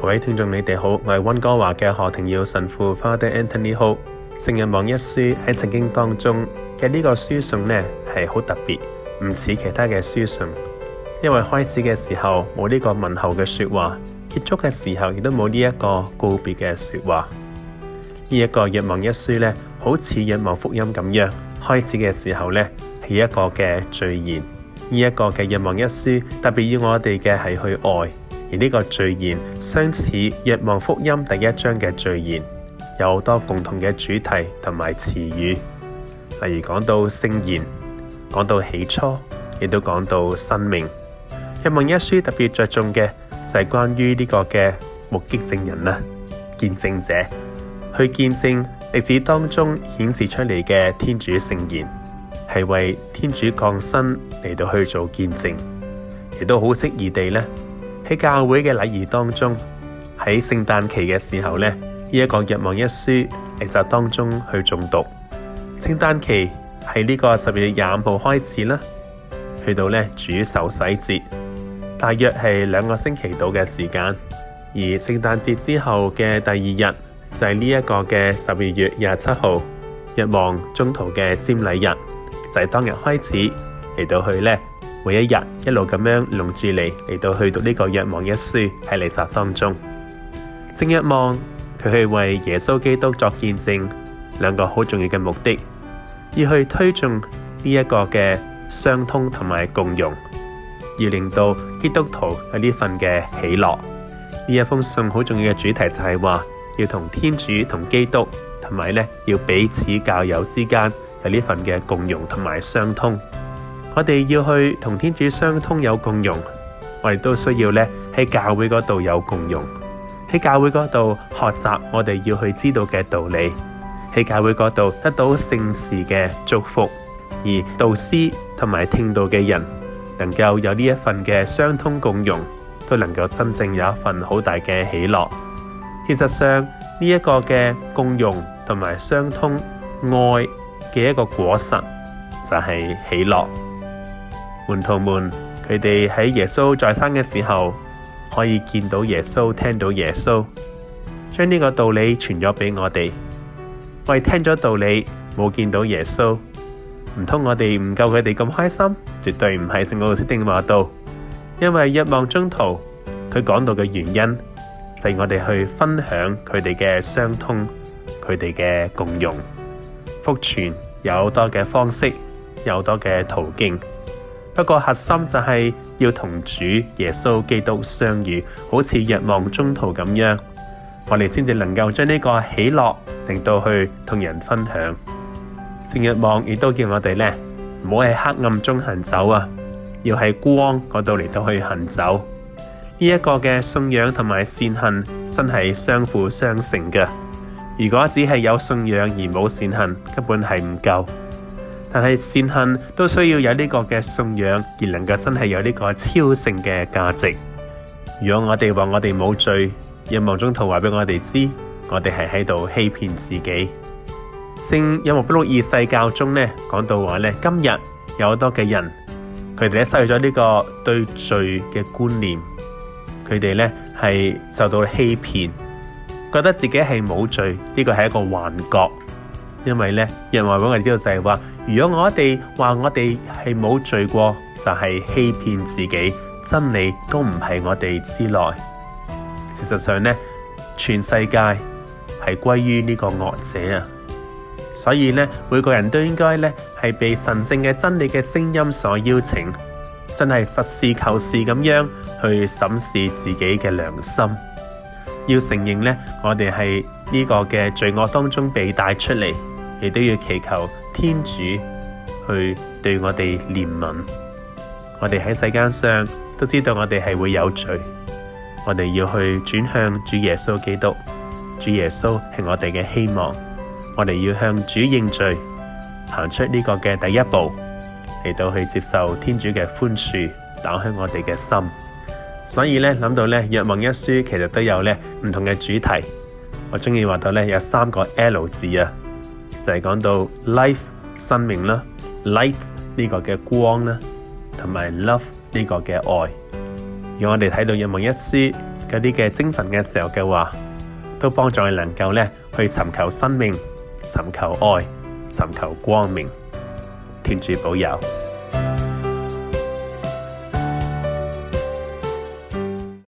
各位聽眾，你哋好，我係溫哥華嘅何庭耀神父 Father Anthony Ho。聖若望一書喺聖經當中嘅呢個書信呢，係好特別，唔似其他嘅書信，因為開始嘅時候冇呢個問候嘅說話，結束嘅時候亦都冇呢一個告別嘅說話。呢、這、一個若望一書呢，好似若望福音咁樣，開始嘅時候呢，係一個嘅序言，呢、這、一個嘅若望一書特別要我哋嘅係去愛。而呢個序言相似《若望福音》第一章嘅序言，有好多共同嘅主題同埋詞語。例如講到聖言，講到起初，亦都講到生命。《若望一書》特別着重嘅就係、是、關於呢個嘅目擊證人啊，見證者去見證歷史當中顯示出嚟嘅天主聖言，係為天主降生嚟到去做見證，亦都好適宜地呢。喺教會嘅禮儀當中，喺聖誕期嘅時候呢，呢、這、一個若望一書其實當中去誦讀。聖誕期係呢個十二月廿五號開始啦，去到呢主受洗節，大約係兩個星期到嘅時間。而聖誕節之後嘅第二、就是、這的日就係呢一個嘅十二月廿七號，若望宗徒嘅瞻禮日就係、是、當日開始嚟到去呢。每一日一路咁樣弄住你嚟到去讀呢個若望一書喺彌撒當中，正一望佢去為耶穌基督作見證，兩個好重要嘅目的，要去推進呢一個嘅相通同埋共融，要令到基督徒有呢份嘅喜樂。呢一封信好重要嘅主題就係話，要同天主同基督同埋呢，要彼此教友之間有呢份嘅共融同埋相通。我哋要去同天主相通有共融，我哋都需要咧喺教會嗰度有共融，喺教會嗰度學習我哋要去知道嘅道理，喺教會嗰度得到聖事嘅祝福，而導師同埋聽到嘅人能夠有呢一份嘅相通共融，都能夠真正有一份好大嘅喜樂。事實上，呢一個嘅共融同埋相通愛嘅一個果實就係喜樂。門徒們，佢哋喺耶穌在生嘅時候可以見到耶穌，聽到耶穌，將呢個道理傳咗俾我哋。我哋聽咗道理，冇見到耶穌，唔通我哋唔夠佢哋咁開心？絕對唔係。聖奧斯定話到，因為若望中途佢講到嘅原因，就係我哋去分享佢哋嘅相通，佢哋嘅共融，福傳有好多嘅方式，有好多嘅途徑。不過核心就係要同主耶穌基督相遇，好似若望中途咁樣，我哋先至能夠將呢個喜樂令到去同人分享。聖若望亦都叫我哋咧，唔好喺黑暗中行走啊，要喺光嗰度嚟到去行走。呢、這、一個嘅信仰同埋善行真係相輔相成㗎。如果只係有信仰而冇善行，根本係唔夠。但係善行都需要有呢個嘅信仰，而能夠真係有呢個超性嘅價值。如果我哋話我哋冇罪，若望宗徒話俾我哋知，我哋係喺度欺騙自己。聖若望保祿二世教宗呢講到話呢，今日有好多嘅人，佢哋咧失去咗呢個對罪嘅觀念，佢哋呢係受到欺騙，覺得自己係冇罪，呢、這個係一個幻覺。因為呢，人話畀我哋知道就係話，如果我哋話我哋係冇罪過，就係、是、欺騙自己，真理都唔係我哋之內。事實上呢，全世界係歸於呢個惡者啊，所以呢，每個人都應該呢，係被神聖嘅真理嘅聲音所邀請，真係實事求是咁樣去審視自己嘅良心，要承認呢，我哋係呢個嘅罪惡當中被帶出嚟。亦都要祈求天主去對我哋憐憫。我哋喺世間上都知道，我哋係會有罪。我哋要去轉向主耶穌基督，主耶穌係我哋嘅希望。我哋要向主認罪，行出呢個嘅第一步嚟到去接受天主嘅寬恕，打開我哋嘅心。所以咧，諗到咧，若望一書其實都有咧唔同嘅主題。我中意話到咧，有三個 L 字啊。就係講到 life 生命啦，light 呢個嘅光啦，同埋 love 呢個嘅愛，如果我哋睇到有冇一毛一絲嗰啲嘅精神嘅時候嘅話，都幫助你能夠咧去尋求生命、尋求愛、尋求光明。天主保佑。